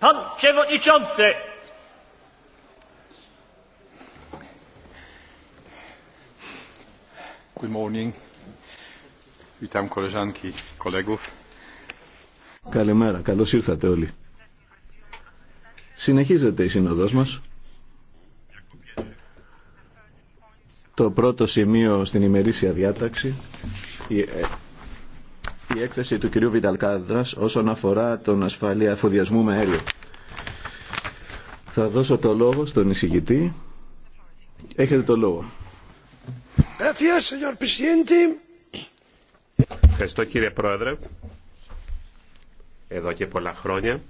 Pan Przewodniczący! Good morning. Witam koleżanki, kolegów. Καλημέρα, καλώ ήρθατε όλοι. Συνεχίζεται η σύνοδός μας. Το πρώτο σημείο στην ημερήσια διάταξη ε, η έκθεση του κυρίου Βινταλκάδρας όσον αφορά τον ασφαλή αφοδιασμό με αέριο. Θα δώσω το λόγο στον εισηγητή. Έχετε το λόγο. Ευχαριστώ κύριε Πρόεδρε. Εδώ και πολλά χρόνια